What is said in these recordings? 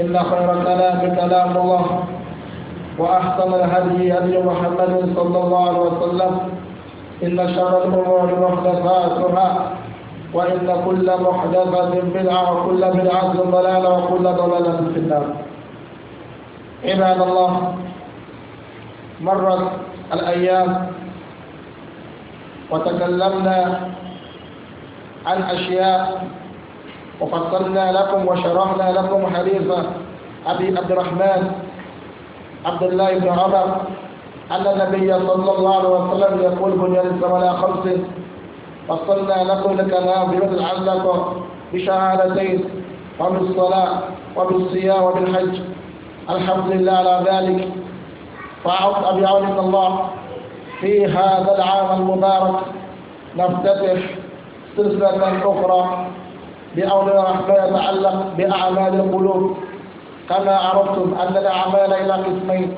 إن خير الكلام كلام الله وأحسن الهدي هدي محمد صلى الله عليه وسلم إن شر الأمور محدثاتها وإن كل محدثة بدعة وكل بدعة ضلالة وكل ضلالة في النار عباد الله مرت الأيام وتكلمنا عن أشياء وفصلنا لكم وشرحنا لكم حديث أبي عبد الرحمن عبد الله بن عمر أن النبي صلى الله عليه وسلم يقول بني الإسلام على خمس فصلنا لكم الكلام بمثل علق بشهادتين وبالصلاة وبالصيام وبالحج الحمد لله على ذلك فأعط بعون الله في هذا العام المبارك نفتتح سلسلة أخرى بأول الرحمن يتعلق بأعمال القلوب كما عرفتم أن الأعمال إلى قسمين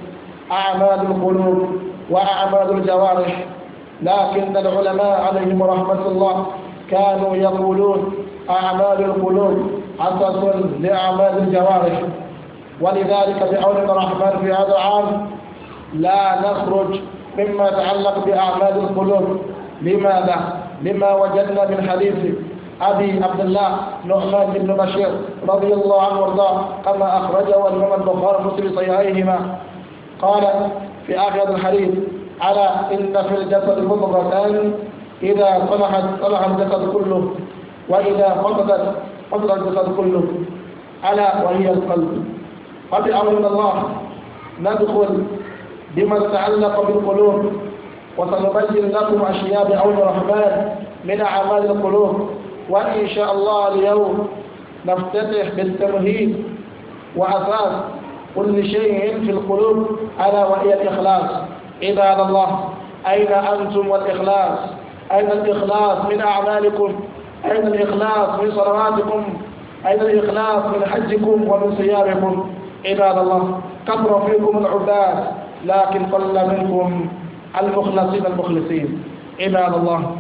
أعمال القلوب وأعمال الجوارح لكن العلماء عليهم رحمة الله كانوا يقولون أعمال القلوب أساس لأعمال الجوارح ولذلك بعون الرحمن في هذا العام لا نخرج مما يتعلق بأعمال القلوب لماذا؟ لما وجدنا من حديث أبي عبد الله نخات بن بشير رضي الله عنه وارضاه كما أخرجه الإمام البخاري في صحيحيهما قال في آخر هذا الحديث ألا إن في الجسد مضغة إذا صلحت صلح الجسد كله وإذا فقدت فقد الجسد كله ألا وهي القلب فبأمر من الله ندخل بما تعلق بالقلوب وسنبين لكم أشياء بعون الرحمن من أعمال القلوب وإن شاء الله اليوم نفتتح بالتمهيد وأساس كل شيء في القلوب ألا وهي الإخلاص عباد الله أين أنتم والإخلاص أين الإخلاص من أعمالكم أين الإخلاص من صلواتكم أين الإخلاص من حجكم ومن صيامكم عباد الله كبر فيكم العباد لكن قل منكم المخلصين المخلصين عباد الله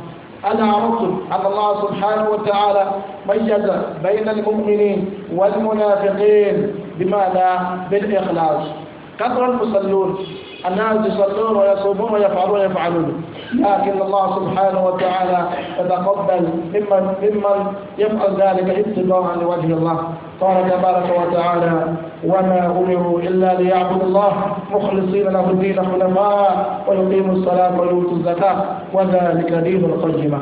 أنا عرفت أن الله سبحانه وتعالى ميز بين المؤمنين والمنافقين بماذا؟ بالإخلاص كثر المصلون الناس يصلون ويصومون ويفعلون ويفعلون لكن الله سبحانه وتعالى يتقبل ممن ممن يفعل ذلك ابتغاء لوجه الله قال تبارك وتعالى وما أمروا إلا ليعبدوا الله مخلصين له الدين حنفاء ويقيموا الصلاة ويؤتوا الزكاة وذلك دين القيمة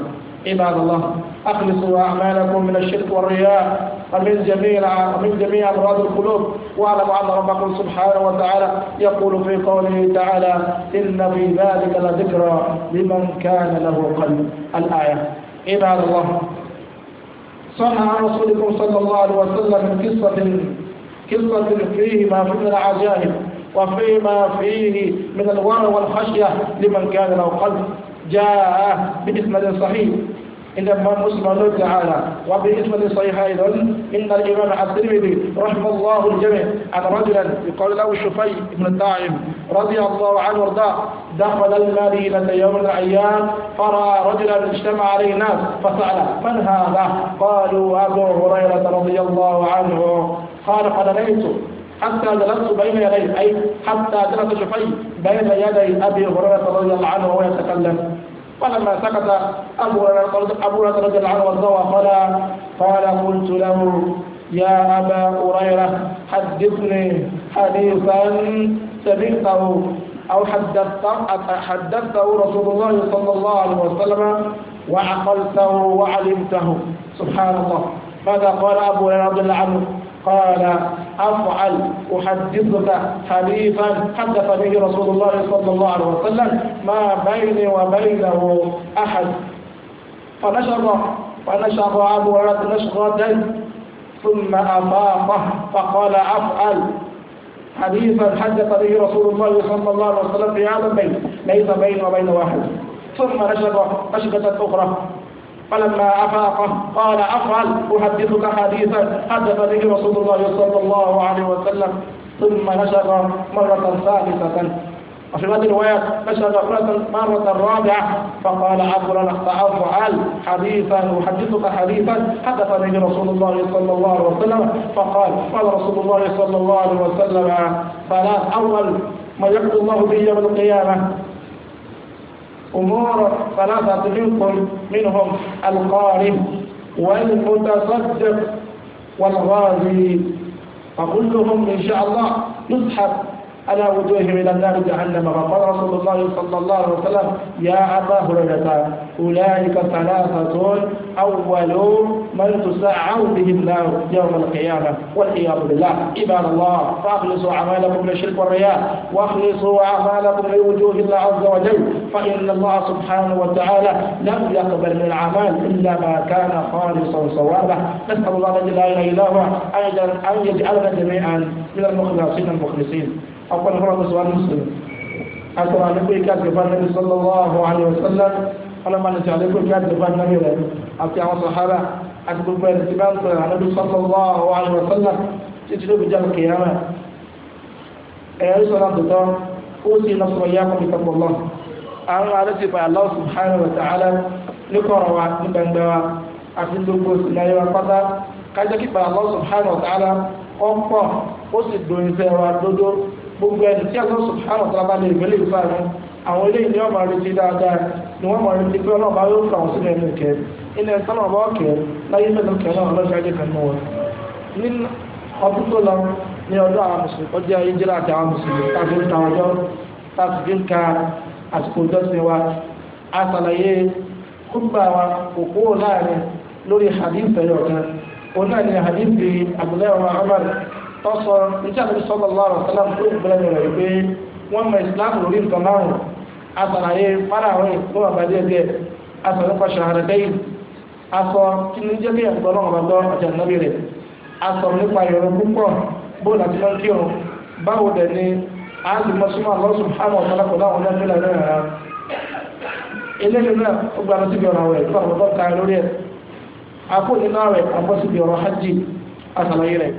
عباد الله أخلصوا أعمالكم من الشرك والرياء ومن جميع ومن جميع أمراض القلوب واعلموا أن ربكم سبحانه وتعالى يقول في قوله تعالى إن في ذلك لذكرى لمن كان له قلب الآية عباد الله صح عن رسولكم صلى الله عليه وسلم من قصة كلمة فيه ما فيه من العجائب وفيما فيه من الورع والخشية لمن كان له قلب جاء بإسناد صحيح إن الإمام مسلم الله تعالى وبإسناد صحيح أيضا إن الإمام الترمذي رحم الله الجميع عن رجلا يقال له شفي بن الداعم رضي الله عنه وارضاه دخل المدينة يوم من الأيام فرأى رجلا اجتمع عليه ناس فسأله من هذا؟ قالوا أبو هريرة رضي الله عنه قال فدنيت حتى جلست بين يديه أي حتى جلس شفي بين يدي أبي هريرة رضي الله عنه وهو يتكلم فلما سكت أبو هريرة رضي الله عنه وارضاه قال قال قلت له يا أبا هريرة حدثني حديثا سمعته أو حدثت حدثته رسول الله صلى الله عليه وسلم وعقلته وعلمته سبحان الله ماذا قال أبو هريرة رضي الله عنه قال أفعل أحدثك حديثا حدث به رسول الله صلى الله عليه وسلم ما بيني وبينه أحد فنشر فنشر أبو هريرة نشرة ثم أفاقه فقال أفعل حديثا حدث به رسول الله صلى الله عليه وسلم في هذا البيت ليس بيني وبين واحد ثم نشر نشرة أخرى فلما أفاق قال أفعل أحدثك حديثا حدث به رسول الله صلى الله عليه وسلم ثم نشر مرة ثالثة وفي بعض الروايات نشر مرة رابعة فقال أفعل أفعل حديثا أحدثك حديثا حدث به رسول الله صلى الله عليه وسلم فقال قال رسول الله صلى الله عليه وسلم ثلاث أول ما يقضي الله به يوم القيامة أمور ثلاثة منكم منهم القارب والمتصدق والغازي فكلهم إن شاء الله يسحب على وجوههم إلى النار جهنم فقال رسول الله صلى الله عليه وسلم يا أبا هريرة أولئك ثلاثة أولهم من تسعر بهم النار يوم القيامة والعياذ بالله عباد الله فأخلصوا أعمالكم من الشرك والرياء وأخلصوا أعمالكم لوجوه الله عز وجل فإن الله سبحانه وتعالى لم يقبل من الأعمال إلا ما كان خالصا صوابا نسأل الله الذي لا إله إلا هو أن يجعلنا جميعا من المخلصين المخلصين أقول فرق سؤال مسلم أسرع لكم أكبر النبي صلى الله عليه وسلم ọlọ́mọdé tí alẹ́ gbòkè àti ìbá nàbí rẹ̀ àti àwọn sàhábà àti gbogbo ẹni tí bá ń sọ̀rọ̀ ànábi sallallahu alaihi wasallam títí ló fi jáde kìyàmà ẹ̀rí sọ̀rọ̀ àtọ̀tọ̀ ó sì lọ sọ̀rọ̀ yá kọ́ni kọ́kọ́ lọ. àwọn ará ti bá Allah subhanahu wa ta'ala ní kọ̀rọ̀ wa ní gbangba wa àti gbogbo ìsìnláyé wa pátá kájá kí bá Allah subhanahu wa ta'ala ọ̀pọ̀ ó sì dùn ìfẹ́ wa dódó gbogbo ẹni tí Allah subhanahu wa ta'ala bá lè gbélé ìfẹ́ àwọn eléyìí ni wọ́n ni wọ́n mọ̀ ní ti pé ọlọ́ọ̀bá yóò kà wọ́n sílẹ̀ ní ìkẹ́ ilẹ̀ sọ́nà ọba ọ̀kẹ́ láyé mẹ́lẹ̀ ọ̀kẹ́ náà ọlọ́ọ̀ṣẹ́ ajé kan wọn. ní ọdún tó lọ ní ọdún àwọn mùsùlùmí ọjọ́ ayé jẹ́lá àti àwọn mùsùlùmí tá a fi ń ta ọjọ́ tá a fi ń ka àsìkò ìjọsìn wa a ṣàlàyé kúgbà wa òkú láàrin lórí hadith ẹ̀yọ̀ kan òun náà ni hadith Abdullahi wa Umar tọ́sọ níṣẹ́ àti sọ́lọ́ lọ́rọ̀ sọ́lá fún ìgbẹ́lẹ́ rẹ̀ pé wọ́n mọ ìsìlámù asàlàyé fáráwé tó wà bàjẹ́ díẹ̀ asọ nípa ṣàhàdẹ́yìn asọ kí ni nàbí rẹ̀ asọ nípa ìrọ̀rùn púpọ̀ bóòlù àti mọ́kí ọ̀run báwo dẹ̀ ni a lè mọ súnmọ́ àlọ́sùn hàmọ̀ ọ̀pọ̀lọpọ̀ láwọn ọjọ́ ìlànà rẹ̀ rárá eléyìí náà ó gba lọ síbi ọ̀rọ̀ àwọn ọ̀dọ́ kan lórí ẹ̀ akó nínú àbọ̀ síbi ọ̀rọ̀ hajj asàlàyé rẹ̀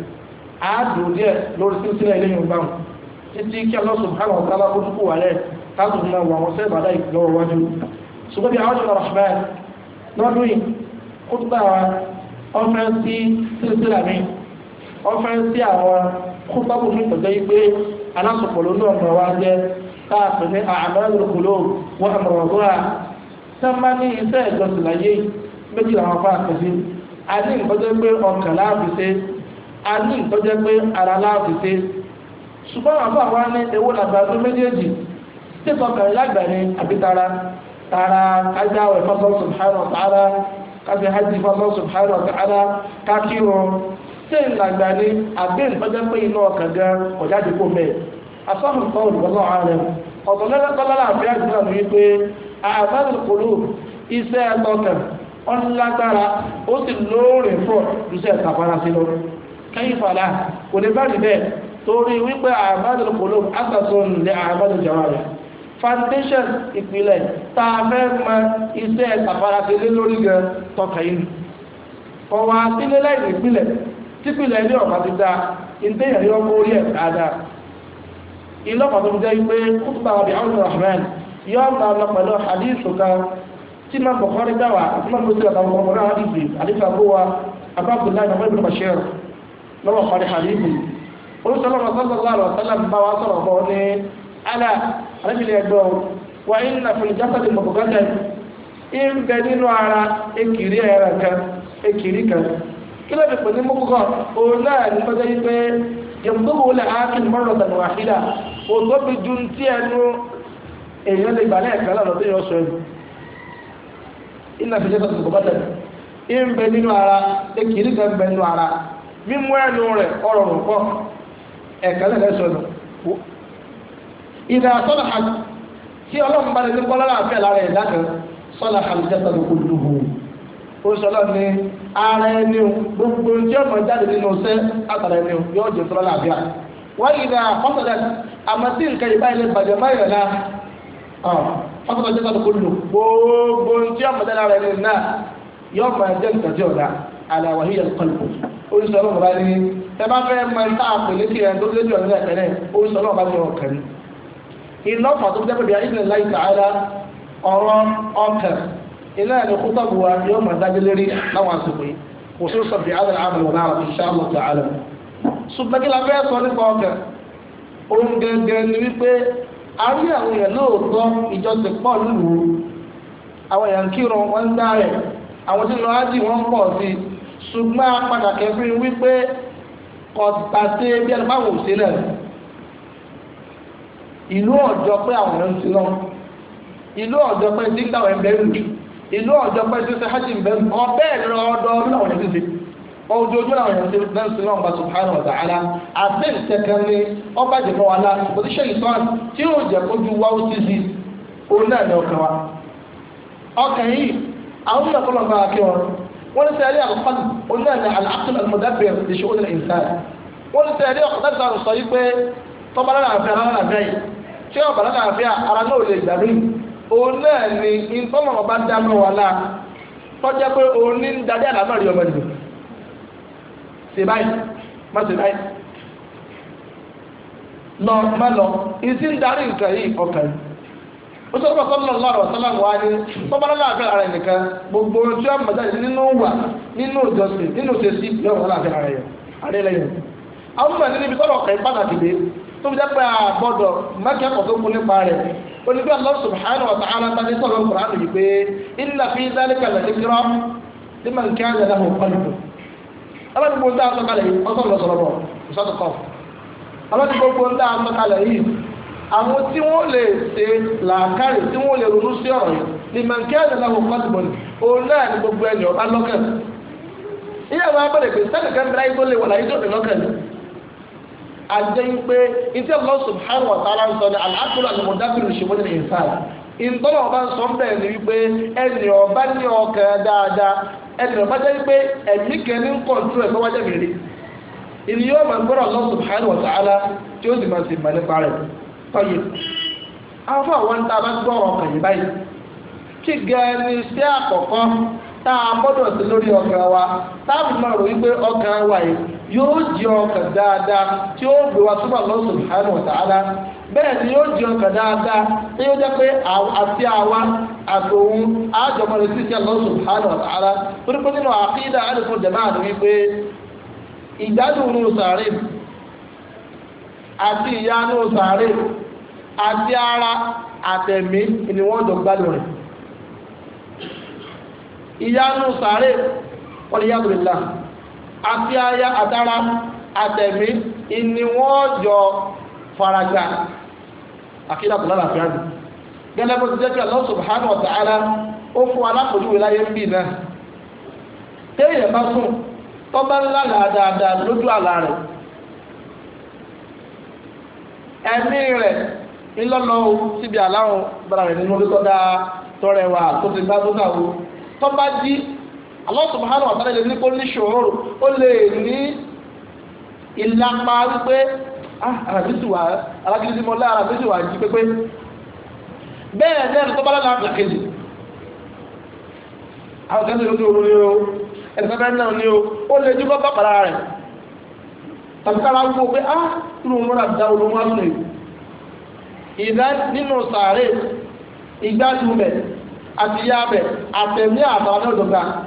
díẹ̀ lórí sísílẹ̀ eléyìí ń bá wọn títí kí táàtù fún àwọn àwọn sẹ́ẹ̀bà láì lọ́wọ́ wájú ṣùgbọ́n bí àwọn rahman lọ́dún yìí kó tó bá wa ọfẹ́ sí sílẹ̀ mi ọfẹ́ sí àwọn kó bá kò ní ìtọ́jọ́ yìí pé alásopọ̀ ló náà mọ̀ wá jẹ́ káàpì ní àmàlù kòló wọn àmọ̀ràn ọ̀dọ́ra tá má ní iṣẹ́ ìjọsìn láyé méjì làwọn afá àkànṣe a ní ìtọ́jọ́ pé ọkàn láàbì ṣe a ní ìtọ́jọ́ pé ara láàbì ṣe ṣùgbọ́n àbá wa ní ewu làbàdún méjèèjì ṣé tọkàn lágbà ni àbí tara tara kájá wẹ̀ fọ́sọ́ subhanahu wa ta'ala káfí hajj fọ́sọ́ subhanahu wa ta'ala kákírun ṣé ìlàgbà ni àbí ìfọ́jọ́ pé iná ọkàn gan ọ̀já dìbò mẹ́ẹ̀ asọ́hùn tọ́wọ̀ lọ́wọ́ ààrẹ ọ̀tọ̀ lọ́lọ́tọ́lọ́lá àfíà ìgbà mi pé àbájú kòló iṣẹ́ ọ̀nlágbára ó sì sí lọ kẹ́yìn fàlà kò bá rí bẹ́ẹ̀ torí wípé kòló rẹ̀ foundation ìpìlẹ̀ tá a fẹ́ mọ iṣẹ́ àfarasílẹ̀ lórí gan tọkà yìí ọwọ́ àtìlẹ̀ láì nípìlẹ̀ típìlẹ̀ ní ọ̀pá ti dáa ìdẹ́yẹ̀ yọ kó rí ẹ̀ dáadáa ìlọ́pàá tó ń jẹ́ pé kútùbà wà bí àwọn rahman yọ máa lọ pẹ̀lú hadithu kan tí máa bọ̀ kọ́rí dáwà àti máa gbèsè àtàwọn ọmọ náà hadithu hadithu àbúwa abáàbùláì nàmọ́ ibùdó bashir lọ́wọ́ kọ́rí hadithu olùsọ̀lọ́mọ sọ́lọ́lá àlọ́ sọ́lá ń bá wa sọ̀rọ̀ kọ́ ní ala arábìnrin ẹgbẹ́ ọ wà ń nà fún ìjọba tó mọ̀kọ́ kọ́tẹ́ ń ara ekiri ẹ̀rọ kan ekiri kan kí ló fi pè ní mọ́kọ́kọ́ òun náà ní kọjá yìí pé yẹ̀mùtòwò lè ákìn mọ́rọ̀ ti ẹnu èèyàn lè gbà lẹ́ẹ̀kan lọ́dọ̀ tó yọ sọ ẹnu fi ìjọba tó ara ekiri kan bẹ nínú ara e Ị sọ́nà àjù tí ọlọ́run bá lè ní kọ́lọ́lá àfẹ́ lára ẹ̀ dákan sọ́nà àjù jẹ́ta o gbogbo tí n'i jáde nínú bụ àtàrà ẹni o yóò jẹ́ sọ́nà àbíà wọ́n ìdá fọ́sọ̀dà àmọ́ tí nǹkan ìbáyìí lè bàjẹ́ báyìí náà fọ́sọ̀dà jẹ́ta ló kojú gbogbo iná ọ̀fà tó jẹ́ pé bíi ayélujára láì sàárà ọ̀rọ̀ ọ̀kẹ́ iná ẹ̀ ní kútọ́ bu wa yóò mọ̀ dájú lérí láwọn àsìkò yìí kò sí sọ bíi àdàlà àmì wọn náà insha Allah ta'ala. ṣùgbọ́n kí la fẹ́ sọ nípa ọ̀kẹ́ ohun gẹ́gẹ́ ni wípé a rí àwọn èèyàn lóòótọ́ ìjọsìn pọ̀ nílùú àwọn èèyàn kírun wọ́n ń dá rẹ̀ àwọn tí lọ́ọ́ ájì wọ́n pọ̀ sí ṣùgbọ́n apàdà kẹfìn ìlú ọ̀jọ́ pé àwọn èèyàn ti lọ ìlú ọ̀jọ́ pé dígbà wọn bẹ́ẹ̀ lù ìlú ọ̀jọ́ pé tí ó ṣe hajj bẹ́ẹ̀ lù ọbẹ̀ lọ ọdọọdún làwọn èèyàn ti ṣe ojoojúmọ́ làwọn èèyàn ti bẹ́ẹ̀ sí lọ́wọ́ subhanahu wa ta'ala àti ìṣẹ̀kan ní ọba jẹ̀mọ́ wa la òṣìṣẹ́ ìtọ́n tí ó jẹ́ kójú wá ó ti di òun náà ní ọkàn wa ọkàn yìí àwọn ọmọ ọkọ lọgbà kí wọn wọn ní sẹ́yìn àkọ́kọ́ òun náà ní al-aql al-mudabbir li shu'un al-insan wọn ní sẹ́yìn àkọ́kọ́ sọ yìí pé tọ́ba lára àfẹ́ lára àfẹ́ yìí tí ọ̀bà náà àfi ara náà lè gbà mí òun náà ni ọba dá mẹ́wàá náà tọ́jà pé òun ní ń darí àlá náà rí ọmọ ìlú ṣe báyìí má ṣe báyìí lọ má lọ ìsín darí nǹkan yìí ọkàn ó sọ wà ní náà ara nìkan gbogbo tí wọ́n mọ̀ jáde nínú wà nínú ìjọsìn nínú ìṣesí náà ara yẹn àdé lẹ́yìn àwọn mọ̀ tó fi dẹ́pẹ́ àgbọ̀dọ̀ mẹ́kẹ́kọ̀ọ́ tó kún nípa rẹ̀ onígbà Allah subhanahu wa ta'ala ta ní sọ̀rọ̀ Qur'an yìí pé inna fi dhalika la dhikra liman kana lahu qalbun alábìgbò ń dá àtọ́kalẹ̀ yìí ọ̀sán lọ sọ̀rọ̀ bọ̀ ìsọ́tọ̀kọ̀ alábìgbò ń dá àtọ́kalẹ̀ yìí àwọn tí wọ́n lè ṣe làákàrè tí wọ́n lè ronú sí ọ̀rọ̀ yìí ni mẹ̀kẹ́ àdàlàwọ̀ pọ́tìbọ̀n òun náà àjẹ́ yín pé ìtẹ́ Allah subhanahu wa ta'ala ń sọ ní alákùnrin àti mọ̀dábìrì ṣùgbọ́n ní ìsáà ìtọ́nà ọba ń sọ ń bẹ̀rẹ̀ ní wípé ẹnì ọba ní ọkàn dáadáa ẹnì ọba jẹ́ wípé ẹ̀mí kẹ́ni ń kọ̀ọ̀tún ẹ̀ sọ́wọ́jẹ́ mìíràn ìní yóò máa gbọ́dọ̀ Allah subhanahu wa ta'ala tí ó sì máa sì mà nípa rẹ̀ tọ́yẹ. afọ àwọn tá a bá gbọ́ ọkàn yìí báyìí kí gẹ́ni sí àkọ́kọ́ tá a gbọ́dọ̀ sí lórí ọkàn wa táàbù máa rò wípé ọkàn wa yóò jẹ ọkàn dáadáa tí ó gbé wa túbọ̀ Allah subhanahu wa bẹ́ẹ̀ ni yóò jẹ ọkàn dáadáa tí yóò jẹ́ pé àti àwa àtòun àjọmọ̀lẹ̀ sí sí Allah subhanahu wa ta'ala torí pé nínú àkídà jama'a ni wípé ìgbádùn ní sàárè àti ìyá ní àti ara àtẹ̀mí ni wọ́n jọ gbádùn rẹ̀ ìyá ní wọ́n àti aya àtara àtẹ̀mí ìní wọ́n jọ faragbá àkídà tó lára àfihàn gẹ́lẹ́ bó ti jẹ́ kí Allah subhanahu wa ta'ala ó fún alákòjúwe láyé ń bì náà téèyàn bá sùn tó bá ńlá dáadáa lójú àlá rẹ̀ ẹ̀mí rẹ̀ ńlọ́lọ́ síbi àláhùn bára rẹ̀ nínú orí tọrẹ wà tó ti gbá tó náà wo tó jí Allah subhanahu wa ta'ala lè ní kó ní ṣòro ó lè ní ìlàpá wípé àràbíṣìwà ah, alágídímọ́lá àràbíṣìwà jí pépé bẹ́ẹ̀ lẹ́nu tó bá lọ́nà àpèkejì àwọn kan lójú oorun ni o ẹ̀sẹ̀fẹ́ náà ni o ó lè jùlọ bá pàdà rẹ̀ tàbí kára wú pé á nínú mọ́ra da olóhùn wá lónìí ìdá nínú sàárè ìgbádùn àti yá àtẹ̀mí àtàwọn ọ̀dọ̀gba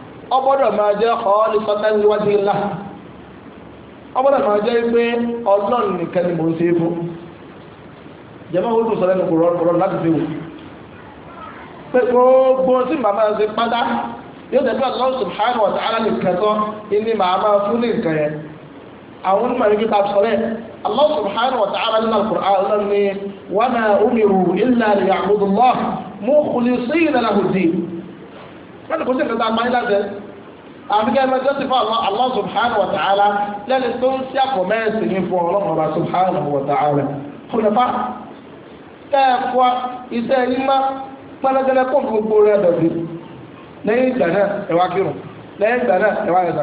ọgbọ́dọ̀ máa jẹ́ ọ̀ọ́lì sọ́tẹ́ni wájú ńlá ọgbọ́dọ̀ máa jẹ́ pé ọlọ́run nìkan ni mò ń ṣe é fún jẹ́mọ́ olùkọ́ sọ lẹ́nu kò rọrùn láti fi wò pé gbogbo tí màmá ṣe pátá yóò tẹ̀lé Allah subhanahu wa ta'ala nìkan tán ní màmá fún ní nǹkan yẹn àwọn onímọ̀ ní kíkà sọ̀rẹ́ Allah subhanahu wa ta'ala nínú al-Qur'an ọlọ́run ni wa ma umiru illa liya'budu Allah mukhlisina lahu ad-din wọ́n ti kó sí ìkẹta apáyé láti àfikẹ́ ẹgbẹ́ jọ́sìn fún Allah Allah subhanahu wa ta'ala lẹ́ni tó ń sí àpò mẹ́sìn ní fún ọlọ́run ọba subhanahu wa ta'ala kùnàfà tẹ́ẹ̀fọ́ iṣẹ́ yín má pẹ́lẹ́gẹ́lẹ́ kó gbogbo rẹ̀ dọ̀bí lẹ́yìn ìgbà náà ẹ̀wá kírun lẹ́yìn ìgbà náà ẹ̀wá yẹn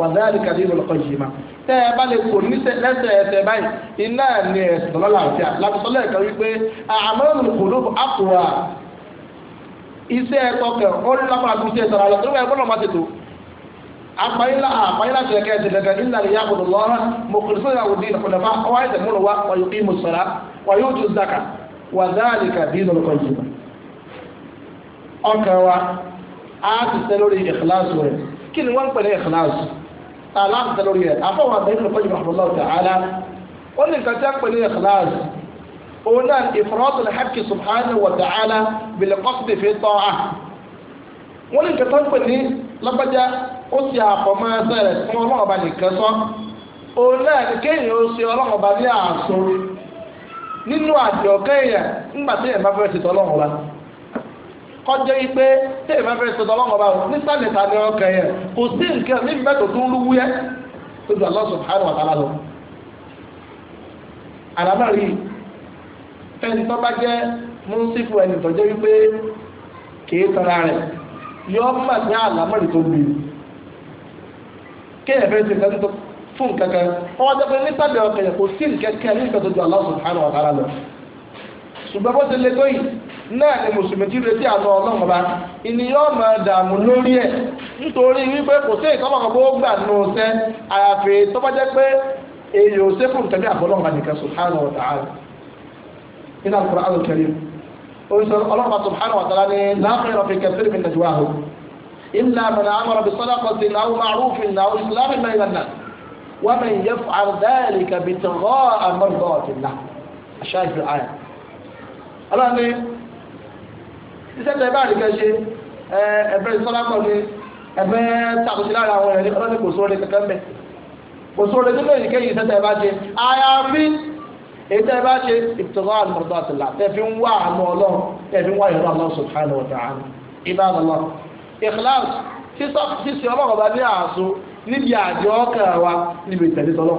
wà láàrin kàdé ìlọ́kọ̀ yìí má tẹ́ ẹ bá lè kó níṣẹ́ lẹ́sẹ̀ ẹsẹ̀ báyìí iná ni ẹ̀sìn lọ́la àti àlàbùsọ́lẹ̀ ẹ̀ka wípé àmọ́ràn kò ló àkùrà iṣẹ́ ẹ̀kọ́ kẹ̀ ó ní lápá àti iṣẹ́ ìtara lọ apayila apayila tẹ kẹ ẹsẹ kankan illa liyabudu lọra mọkulifu yawu diinu kunafa ọwọ ayẹsẹ múlò wa wàyò kí musala wàyò tu zaka wàdáàlì ka diinu lọkọjìmá ọkàn wa a ti ṣe lórí ìkìláàsù ti ṣe lórí rẹ àfọwọ àbẹyìn lọkọjìmá ọlọlọ tààlà ó ní nǹkan tẹ pẹlẹ ìkìláàsù òun náà ìfọwọ́sọ lè hàkì subhanahu wa ta'ala bil qasdi fi ta'ah wọ́n ní nǹkan tó lọ́gbọ́já ó sì àfọ̀mọ́ ẹsẹ̀ rẹ̀ fún ọlọ́run ọba nìkan sọ òun náà ni kéèyàn ó ṣe ọlọ́run ọba ní àṣọ nínú àjọ kéèyàn nígbà tí èèyàn bá fẹ́ ṣètò ọlọ́run kọjá yìí pé ọba ta ni ọkàn yẹn kò sí nǹkan mẹ́tò tó ń lú wúyẹ́ tó ju lọ. tó bá jẹ́ mú sífù ẹni tó jẹ́ yọ mà ní àlámọ̀rì tó gbé kéèyàn fẹ́ ṣe nǹkan tó fún nǹkan kan ọwọ́ jẹ́pẹ́ nípàdé ọkàn yẹn kò sí nǹkan kan ní nǹkan tó ju Allah subhanahu wa ta'ala lọ ṣùgbọ́n bó yìí náà ni ti retí ọlọ́run ìní dààmú lórí ẹ̀ nítorí wípé kò sí kan bó gbà nù sẹ́ àyàfi tó bá jẹ́ pé èyí ò àbọ̀lọ́run oṣù ọlọ́run subhanahu wa ta'ala ní láàrin ọ̀fìn kẹfìrì mi nàìjíríà hù ilà àmàlà àmàlà bí sọ́dọ̀ kan ti náwó màrúfin náwó ìsìlámì náà ìlànà wọ́n mi yẹ àdáyẹ̀lì kàbí tọ̀rọ̀ àmọ́rùbọ̀ ọ̀tìlá aṣáà ìfìlà ayà ọlọ́run ní iṣẹ́ tẹ bá àdìgẹ́ ṣe ẹ̀fẹ́ sọ́dákọ̀ ni ẹ̀fẹ́ tàkùsí lára àwọn ẹ̀rí ọlọ́run kò sóore kankan mẹ́ kò sóore tó lè èyí tẹ́ ẹ bá ṣe ìtọ́lá àlùmọ́tò àtìlá tẹ́ fi ń wá àánú ọlọ́run tẹ́ fi ń wá ìrọ̀ Allah subhanahu wa ta'ala ibà lọ́lọ́ ikhlas sísọ ọlọ́run bá ní àásù níbi àjọ ọkàn wa níbi ìtẹ̀lé tọ́lọ́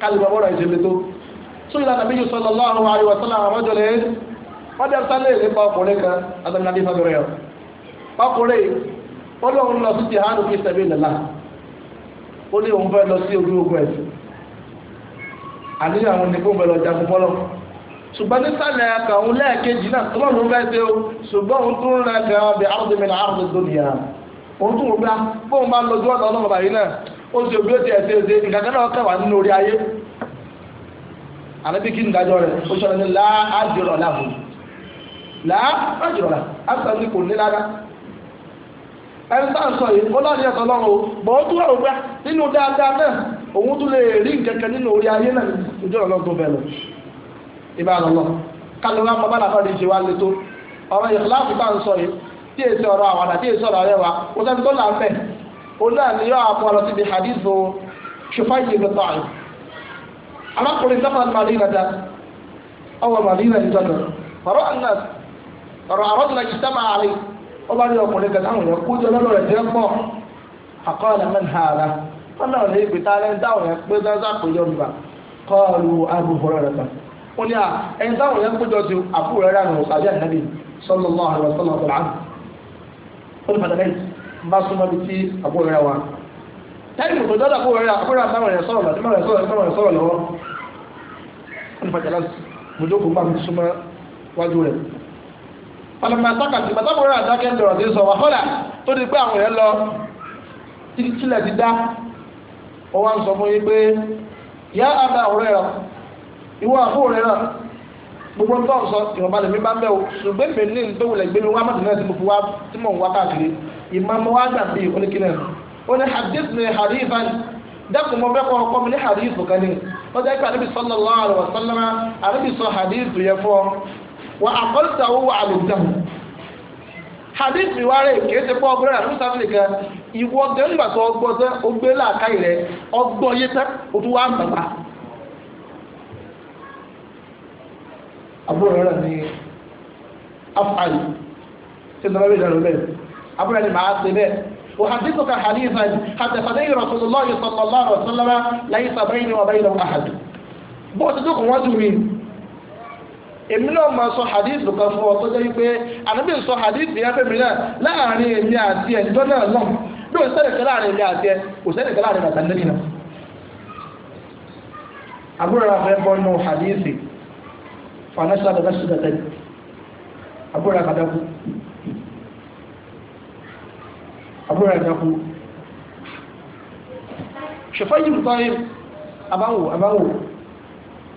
kálíbà bọ́dọ̀ ìṣẹ̀lẹ̀ tó tó ìlànà méjì sallallahu alaihi wa sallam àwọn ọjọ́ lẹ́yìn wọ́n dẹ́ sálẹ̀ nípa ọkùnrin kan adamadi fagorẹ́ ọkùnrin ọlọ́run lọ àníyàn àwọn onígbò bẹ̀rẹ̀ ọjà púpọ̀ lọ. ṣùgbọ́n nísàlẹ̀ àkàwọn lẹ́ẹ̀kejì náà tó lọ́nà fẹ́ ṣe o ṣùgbọ́n òun tún rẹ̀ gan ọbẹ̀ àrùndínmìnà àrùndínlónìyà òun tún rúbá fóun bá lọ sí ọ̀dọ̀ ọlọ́mọba yìí náà ó ṣe òbí ó ti ẹ̀ṣẹ̀ ṣe nǹkan kan náà kẹwàá nínú orí ayé àlẹ́bí kí n dájọ́ rẹ̀ ó ṣọ́ra ní láàájọ́rọ̀ láàbò láàájọ́rọ̀ láàbò ẹni tá sọ yìí ó lọ́ọ̀dì ẹ̀tọ́ lọ́rùn o bọ̀ ó tún wà nínú dáadáa náà òun tún lè rí nǹkan kan nínú orí ayé náà ojú ọ̀nà tó bẹ̀ lọ ibà lọ́lọ́ kálí wọn bàbá làbá lè ṣe wá lé tó ọ̀rọ̀ ìkìláàfù tá à ń sọ yìí tí èsì ọ̀rọ̀ àwàdà tí èsì ọ̀rọ̀ àrẹwà ó sẹ́ni tó là ń bẹ̀ òun náà ni yóò àpò ọ̀rọ̀ síbi hadithu tọ́lá ní ibi tá ẹni táwọn yẹn pé dáńsá péjọ nígbà kọ́ọ̀lù Abu Hurairah rẹ̀ ó ní à ẹni táwọn yẹn péjọ ti àbúrò rẹ̀ rẹ̀ ọ̀sà àbí ànábì sallallahu alaihi wasallam ó ní pàtàkì bá súnmọ́ bí tí àbúrò rẹ̀ wà tẹ́lifù tó dọ́dọ̀ àbúrò rẹ̀ àbúrò àbáwọn yẹn sọ̀rọ̀ àbáwọn yẹn sọ̀rọ̀ lọ́wọ́ ó ní pàtàkì ó wá ń sọ fún yín pé yá àbá ọ̀rẹ́ rà ìwọ àbú rẹ̀ rà gbogbo ń tọ́ sọ lèmi bá o ṣùgbọ́n èmi ní ìtòwò lẹ̀ gbé mi wá mọ̀tò náà tí mo fi wá tí mò ń wá káàkiri wá gbà ó ní hadith ní hadith mo fẹ́ kọ́ ọkọ mi ní hadith kan ní ó jẹ́ pé àdébí sallallahu alaihi wasallam àdébí sọ hadith yẹ fọ́ wa hadith riwari kìí ṣe pọ́ ọgbẹ́rẹ́ àti south africa ìwọ gẹ́gbà tó ọgbọ́ tẹ́ ọgbẹ́ làákàyè rẹ ọgbọ́ yé tẹ́ o tún wá mọ̀ta. àbúrò rẹ ní afáàlì ṣe tọ́lá bẹ́ẹ̀ dàrú bẹ́ẹ̀ àbúrò rẹ ní màá ṣe bẹ́ẹ̀ أحدثك حديثا na ịsa رسول الله صلى الله عليه وسلم ليس بيني وبينه أحد èmi náà máa sọ hadith kan fún ọ tó jẹ́ wípé ànábì sọ hadith yẹn fẹ́mi náà láàrin èmi àti ẹ̀jọ́ náà náà bí òun sẹ́nì kan láàrin èmi àti ẹ kò sẹ́nì kan láàrin bàtà lẹ́yìn náà. àbúrò rà fẹ́ bọ́ nù hadith fanasa bàbá sí bàtà àbúrò rà kàdá àbúrò rà kàdá kú. ṣèfọ́ yìí tọ́ yìí àbáwò àbáwò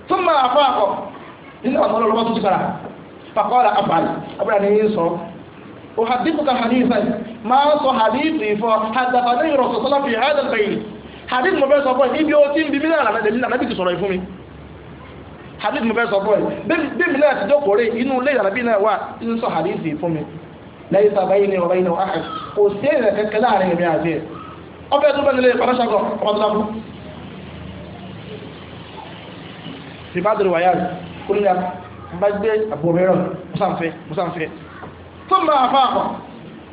tó máa fọ́ àkọ́ nínú àwọn ọlọ́rọ̀ tó ti bára fàkọ́lá àbàlì abúlé ní yín sọ o hadithu ka hadithu máa ń sọ hadithu ìfọ hadàfàdé ìrọ̀sọ̀ sọ́lá fi hádà bẹ̀yìn hadith mo fẹ́ sọ fún ẹ níbi ó ti ń bi mí náà lànà lẹ́yìn lànàbí ti sọ̀rọ̀ ìfún mi hadith mo fẹ́ sọ fún ẹ bẹ́ẹ̀ mi náà ti jókòó rè inú ilé ìyànàbí náà wà ń sọ hadith ìfún mi lẹ́yìn sàbáyé ni ọ̀rẹ́ ìnáwó àhà kò sí èrè kẹ́kẹ́ láàrin ìrìn àjẹ́ ọbẹ̀ tó bẹ́ẹ̀ nílé ìpàdásàgọ̀ ọmọdúnlábù. sibadiri wayari kó ní bá gbé àbò mìíràn musanfẹ́ musanfẹ́ tó ń bá a fáà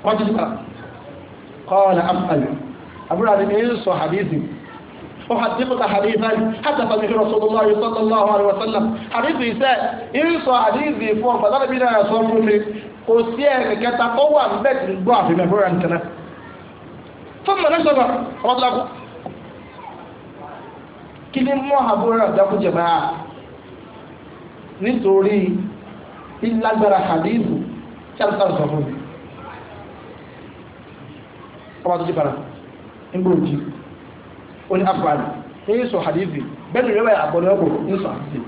kọ́ sọ hadithi ó hàtí ka hadithi hàtà fàmì fi rasulullah sallallahu alaihi wasallam hadithi sẹ èyí sọ hadithi fún ọgbà lábẹ́ bí náà sọ fún mi kò sí ẹ̀rẹ̀ nítorí ìlágbára hadithu chapter sọ fún mi para nígbà òjì ó ní afghan èyí sọ hadithi bẹ́ẹ̀ni rẹ̀ wáyà àbọ̀lẹ̀ ọkọ̀ sọ àti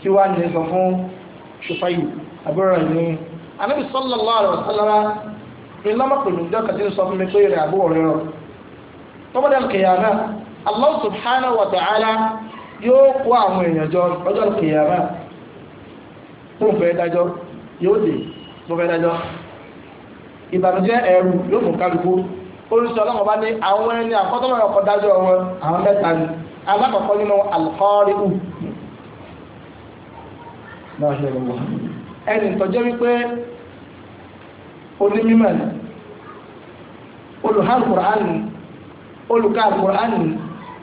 kí wá ní sọ fún ṣùfàyù àbúrò ní anábì sallallahu alaihi wasallam yóò kó àwọn èèyàn jọ ọjọ́ kìyàmá fún fẹ́ dájọ́ yóò dé fún fẹ́ dájọ́ ìbànújẹ́ ẹ̀rù yóò mú kálukú olùsọ ọlọ́run ní àwọn ẹni àkọ́tọ́lọ́ dájọ́ wọn àwọn mẹ́ta ni alákọ̀ọ́kọ́ nínú alùkọ́rìkù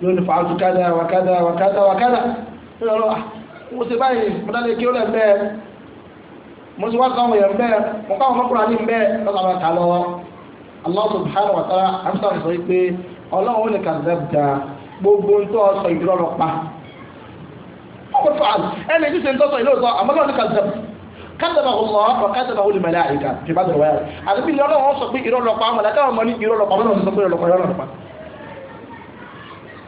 yóò ní fàájú kádà wàkádà wàkádà wàkádà yóò lọ ah, mo ṣe báyìí mo dá lé kí ó lẹ̀ bẹ́ẹ̀ mo ṣe wá sáwọn èèyàn bẹ́ẹ̀ mo Allah subhanahu ta'ala amsa sọ pé ọlọ́run ó ní kàzẹ́bùtà gbogbo ń tọ́ sọ ìdúró lọ pa ọkọ̀ fà ẹni tí ṣe ń tọ́sọ ìlú ọ̀sọ́ àmọ́ lọ́ọ̀ ní kàzẹ́bùtà kátàbà ọlọ ọ kátàbà olè mẹlẹ àyíká tí bá dọ̀rọ̀ wáyà àti bí ìrọ̀lọ́wọ́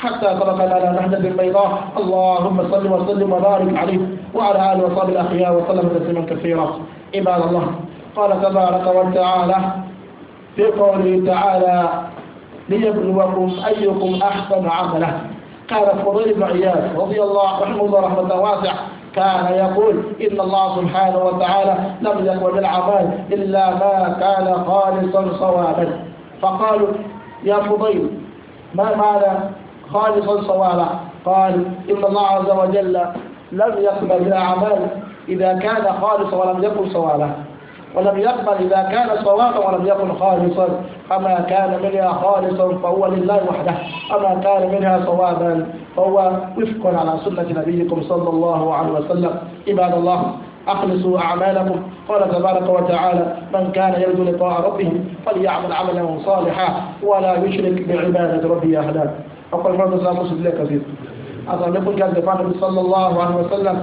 حتى طلقنا على نهجة بيضاء اللهم صل وسلم وبارك عليه وعلى آله وصحبه الأخيار وسلم تسليما كثيرا عباد الله قال تبارك وتعالى في قوله تعالى ليبلوكم أيكم أحسن عملا قال فضيل بن عياد رضي الله رحمه الله رحمة واسعة كان يقول إن الله سبحانه وتعالى لم يكن للعمل إلا ما كان خالصا صوابا فقالوا يا فضيل ما هذا خالصا صوابا قال إن الله عز وجل لم يقبل الأعمال إذا كان خالصا ولم يكن صوابا ولم يقبل إذا كان صوابا ولم يكن خالصا أما كان منها خالصا فهو لله وحده أما كان منها صوابا فهو وفق على سنة نبيكم صلى الله عليه وسلم عباد الله أخلصوا أعمالكم قال تبارك وتعالى من كان يرجو لقاء ربه فليعمل عملا صالحا ولا يشرك بعبادة ربه أحدا ọkọ̀ ìfọ́nà tó sábà sùn lẹ́ẹ̀kan sí àtàlẹ́kùn jáde fún àdébí sallallahu alaihi wasallam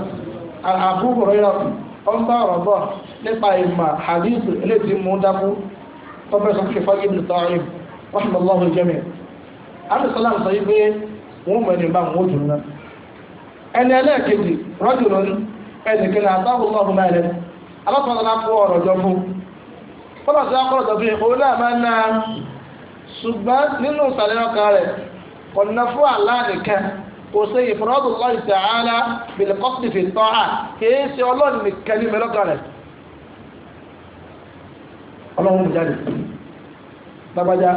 àbúrò rẹ̀ ọ̀n bá ọ̀rọ̀ bọ̀ nípa ìmọ̀ hadith eléyìí mú dákú tọ́pẹ́ sọ fífa ibn ta'im rahmanallahu jami àti sọlá sọ yí pé wọ́n mọ̀ ẹni bá wọn ó dùn náà ẹni ẹlẹ́ẹ̀kejì rọ́jùlọ ẹnìkan àtàwùlọ́hùn máa rẹ̀ alákọ̀ọ́lá fún ọ̀rọ̀ jọ fún fọlọ́sí ṣùgbọ́n nínú ìsàlẹ̀ ọkàn rẹ̀ ọ̀nà fún Allah nìkan kò ṣe ìfúnrọ́dù lọ́yìn tààlà bìlìkọ́sì fi tọ́ à kìí ṣe ọlọ́run nìkan ní mẹ́lọ́kàn rẹ̀ ọlọ́run mú jáde lágbájá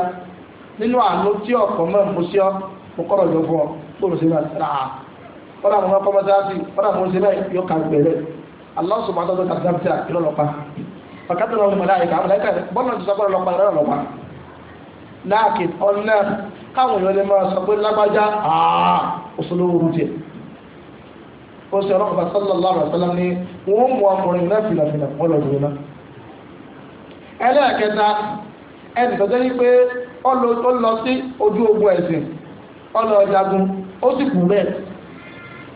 nínú àánú tí ọ̀pọ̀ mọ́ ìmúṣíọ́ mo kọ́rọ̀ yọ fún ọ gbọ́dọ̀ sí máa tẹ̀lé àá kọ́dà mo máa kọ́mọ́tà sí kọ́dà mo ń ṣe bẹ́ẹ̀ yóò kà gbẹ̀rẹ̀ aláṣọ máa tọ́jú kàdé àti àkìlọ́ lọ́pa pàkàtà lọ́wọ́ mọ̀láyìká mọ̀láyìká bọ́ọ̀lù ti sọ káwọn èèyàn lè máa sọ pé lágbájá àá òṣèlówó rúdìẹ ó sì ọlọ́run bá sallallahu alaihi wasallam ní wọ́n mú ọkùnrin náà náà ẹlẹ́ẹ̀kẹta pé ó lọ sí ojú ogun ẹ̀sìn ó sì kú bẹ́ẹ̀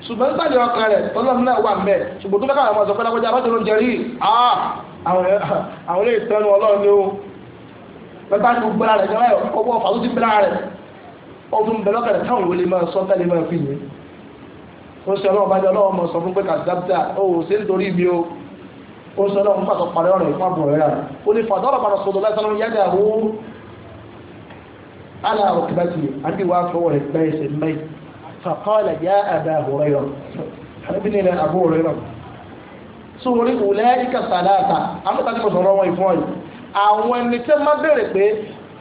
ṣùgbọ́n sáàdì ọkàn rẹ̀ ọlọ́run náà wà ṣùgbọ́n tó wọn sọ pé lágbájá ọdún bẹ lọ́kẹ̀rẹ̀ táwọn ìwé lè máa sọ tẹ́lẹ̀ máa fi yìí ó ṣe ọlọ́run bá jẹ́ ọlọ́run mọ̀ sọ fún pé kàdápítà ó ṣe nítorí mi o ó ṣe ọlọ́run pàtó parí ọ̀rọ̀ ìfún àbúrò rẹ̀ ó ní fàdọ́rọ̀ padà sọ̀dọ̀ lẹ́sàn-án yájà ó ala rukbati àbí wàá fọwọ́ rẹ̀ gbá ẹsẹ̀ mẹ́yì faqala ya Aba Hurairah àbí nílẹ̀ Abu Hurairah sórí ulẹ́ẹ̀kà sàlátà àmì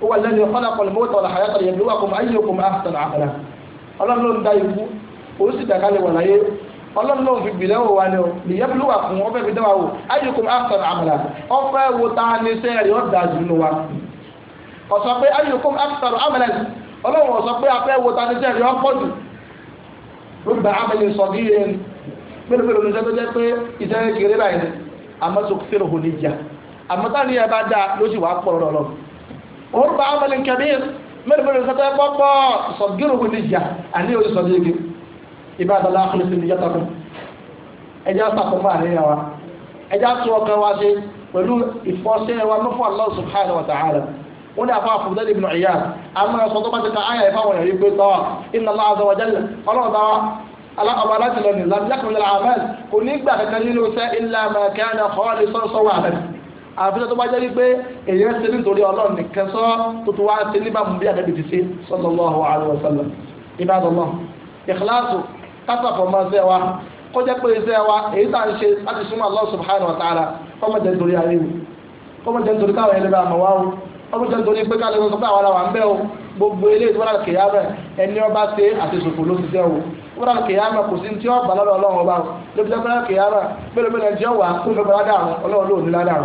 huwa alladhi khalaqa al-mawta wal-hayata liyabluwakum ayyukum ahsanu amala ọlọ́run ló ń dá ikú òun sì dàkálẹ̀ wà láyé ọlọ́run ló ń fi gbìlẹ̀ wò wá ní o liyabluwakum ó fẹ́ fi dá wa wò ayyukum ahsanu amala ó fẹ́ wo ta ni sẹ́ẹ̀rì ó dà jù nù wa ọ̀sọ̀ pé ayyukum ahsanu amala ọlọ́run ọ̀sọ̀ pé afẹ́ wo ta ni sẹ́ẹ̀rì ó pọ̀ jù rúbà amẹ́lẹ̀ sọ̀gí yẹn pẹ̀lúpẹ̀lú ní sẹ́tọ́ jẹ́ pé ìṣẹ́ kékeré báyìí àmọ́ sọ fẹ́ràn òní jà àmọ́ táwọn ènìyàn bá dáa ló sì wá pọ̀ lọ́rọ̀ orúkọ amẹ́lì kẹ́míìr mẹ́rìndínlẹ́ sọ́tẹ́ pọ́pọ́ sọ̀gírùkù níjà àní oṣù sọ̀dẹ́gẹ́ ìbádọ́lá akọlẹ́sẹ̀ níjà tọkùn ẹjá sàkófà àríyá wa ẹjá tún ọkàn wa ṣe pẹ̀lú ìfọṣẹ́ wa mẹ́fọ́ Allah subhanahu wa ta'ala wọ́n ní afọ́ àfọ̀dẹ́lẹ̀ ibn Iyad àmọ́ ẹ̀sọ́ tó bá ti ka ayà ìfáwọn ẹ̀rí gbé tọ́ inna Allah azza wa jalla ọlọ́run dáwà alákọ̀ọ́bá láti lọ nìlá lákùnrin àmẹ́l kò ní gbà kankan nínú iṣẹ́ illa ma kana àfihàn tó bá jẹ́ wípé èyí ń ṣe nítorí ọlọ́run nìkan sọ́ tó tó wá ṣe níbàmú bí àdébì ti ṣe sallallahu alaihi wasallam ibadallah ikhlasu kásàfọ̀ máa ṣe wa kó jẹ́ pé iṣẹ́ wa èyí tá à ń ṣe láti súnmọ́ Allah subhanahu wa ta'ala kọ́mọ jẹ́ nítorí ayé o kọ́mọ jẹ́ nítorí káwọn ẹlẹ́bà àmọ́ wa o kọ́mọ jẹ́ nítorí pé káwọn ẹlẹ́bà ọba ṣe àti jẹ́ o tó bá dàkẹ́ yá bẹ́ẹ̀ kò sí ọlọ́run ọba o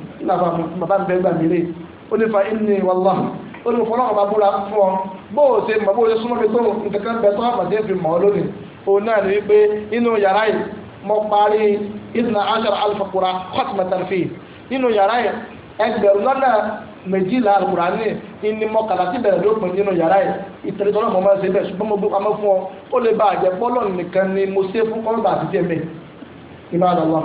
lábà bàbá ń bẹ́ gbà mí lé ó ní fa inni wàllá ó ní mo fọlọ́ ọ̀bá búra fún ọ bó o ṣe mọ̀ bó o ṣe súnmọ́ mi tó nǹkan bẹ tó àmàdé fi mọ̀ ọ́ lónìí òun náà ní wípé inú yàrá yìí mo parí ìdùnnà ashara alifakura khatmatan fi nínú yàrá yìí ẹgbẹ̀rún lọ́nà méjìlá alukurani ìní mọ́kànlá tí bẹ̀rẹ̀ ló pin nínú yàrá yìí ìtẹ̀lẹ́ tọ́lọ́ mọ̀mọ́ ṣe bẹ́ẹ̀ ṣùgbọ́n mo gbé pamọ́ fún ọ ó lè bá àjẹpọ́lọ́ nìkan ni mo ṣe fún kọ́ńbà àti jẹ́mi ìbáraẹ̀wá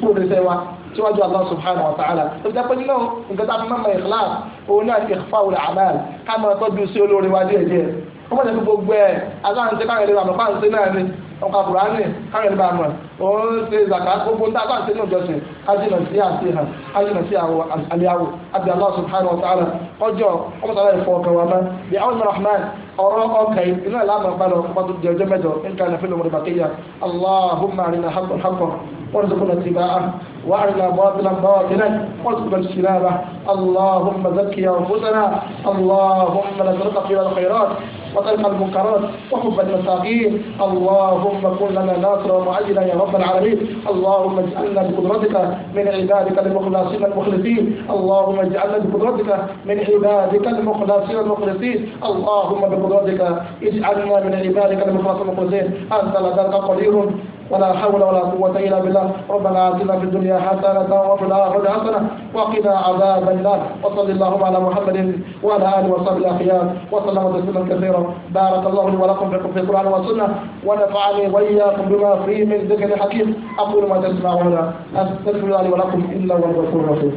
kúrò síwájú Allah subhanahu wa ta'ala ó jẹ́ pé nínú nǹkan tá a fi mọ́mọ́ ikhlas òun náà ti fa òun àmàl ká máa tọ́jú sí olóore wa díẹ̀ díẹ̀ ó mọ̀ tẹ́lẹ̀ gbogbo ẹ̀ aláǹtí káyọ̀ lè wà mọ́ fáǹtí náà ni ọkọ̀ àbúránì káyọ̀ lè bà mọ̀ òun ṣe zàkà gbogbo tá a bá ń ṣe ní ìjọsìn ájìnà sí àṣehàn ájìnà sí àwọn àlìyáwó àbí Allah subhanahu wa ta'ala ọjọ́ ọmọ sàlẹ̀ ìfọ̀ọ̀kan wa mọ́ bí àwọn rahman أراك أوكي إن لا مقبل قد جمده إن كان في الأمر بقية اللهم أرنا حق حقه وارزقنا اتباعه وارنا باطلا باطلا واسكب اجتنابه اللهم زكي انفسنا اللهم نسالك فيها الخيرات وترك المنكرات وحب المساكين اللهم كن لنا ناصرا ومعينا يا رب العالمين اللهم اجعلنا بقدرتك من عبادك المخلصين المخلصين اللهم اجعلنا بقدرتك من عبادك المخلصين المخلصين اللهم بقدرتك اجعلنا من عبادك المخلصين المخلصين انت تلقى قدير ولا حول ولا قوة إلا بالله ربنا آتنا في الدنيا حسنة وفي الآخرة حسنة وقنا عذاب النار وصل اللهم على محمد وعلى آله وصحبه الأخيار وسلم تسليما كثيرا بارك الله لي ولكم في القرآن والسنة ونفعني وإياكم بما فيه من ذكر الحكيم أقول ما تسمعون أستغفر الله لي ولكم إلا هو الغفور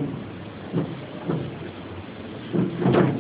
الرحيم